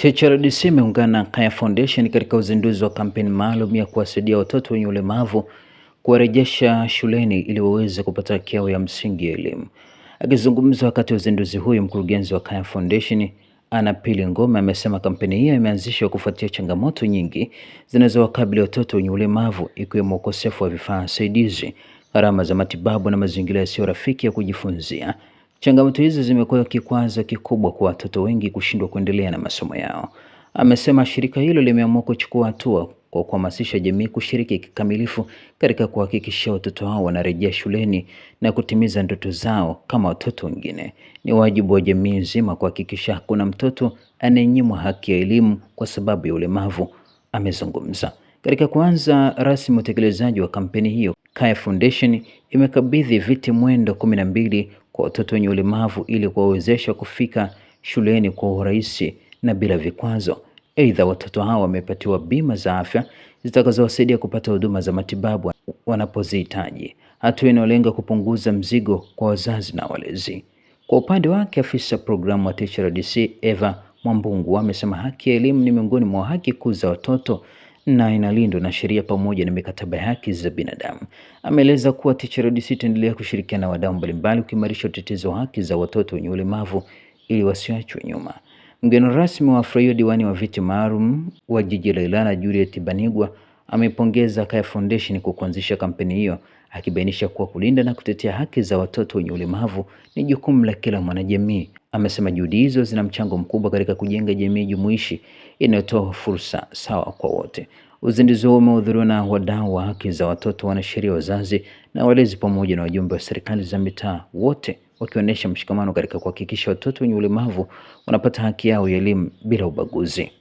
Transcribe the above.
THRDC imeungana na Kaya Foundation katika uzinduzi wa kampeni maalum ya kuwasaidia watoto wenye ulemavu kuwarejesha shuleni ili waweze kupata kiao ya msingi ya elimu. Akizungumza wakati wa uzinduzi huyu mkurugenzi wa Kaya Foundation Ana Pili Ngome amesema kampeni hiyo imeanzishwa kufuatia changamoto nyingi zinazowakabili watoto wenye ulemavu ikiwemo ukosefu wa vifaa saidizi, gharama za matibabu na mazingira yasiyo rafiki ya kujifunzia. Changamoto hizi zimekuwa kikwazo kikubwa kwa watoto wengi kushindwa kuendelea na masomo yao. Amesema shirika hilo limeamua kuchukua hatua kwa kuhamasisha jamii kushiriki kikamilifu katika kuhakikisha watoto hao wanarejea shuleni na kutimiza ndoto zao kama watoto wengine. Ni wajibu wa jamii nzima kuhakikisha hakuna mtoto anayenyimwa haki ya elimu kwa sababu ya ulemavu, amezungumza. Katika kuanza rasmi utekelezaji wa kampeni hiyo, Kaya Foundation imekabidhi viti mwendo kumi na mbili kwa watoto wenye ulemavu ili kuwawezesha kufika shuleni kwa urahisi na bila vikwazo. Aidha, watoto hawa wamepatiwa bima za afya zitakazowasaidia kupata huduma za matibabu wanapozihitaji, hatua inayolenga kupunguza mzigo kwa wazazi na walezi. Kwa upande wake, afisa programu wa THRDC Eva Mwambungu amesema haki ya elimu ni miongoni mwa haki kuu za watoto na inalindwa na sheria pamoja na mikataba ya haki za binadamu. Ameeleza kuwa THRDC itaendelea kushirikiana na wadau mbalimbali kuimarisha utetezi wa haki za watoto wenye ulemavu ili wasiachwe nyuma. Mgeni rasmi wa Afraio, diwani wa viti maalum wa jiji la Ilala, Juliet Banigwa ameipongeza Kaya Foundation kwa kuanzisha kampeni hiyo, akibainisha kuwa kulinda na kutetea haki za watoto wenye ulemavu ni jukumu la kila mwanajamii. Amesema juhudi hizo zina mchango mkubwa katika kujenga jamii jumuishi inayotoa fursa sawa kwa wote. Uzinduzi huo umehudhuriwa na wadau wa haki za watoto, wanasheria, wazazi na walezi, pamoja na wajumbe wa serikali za mitaa, wote wakionyesha mshikamano katika kuhakikisha watoto wenye ulemavu wanapata haki yao ya elimu bila ubaguzi.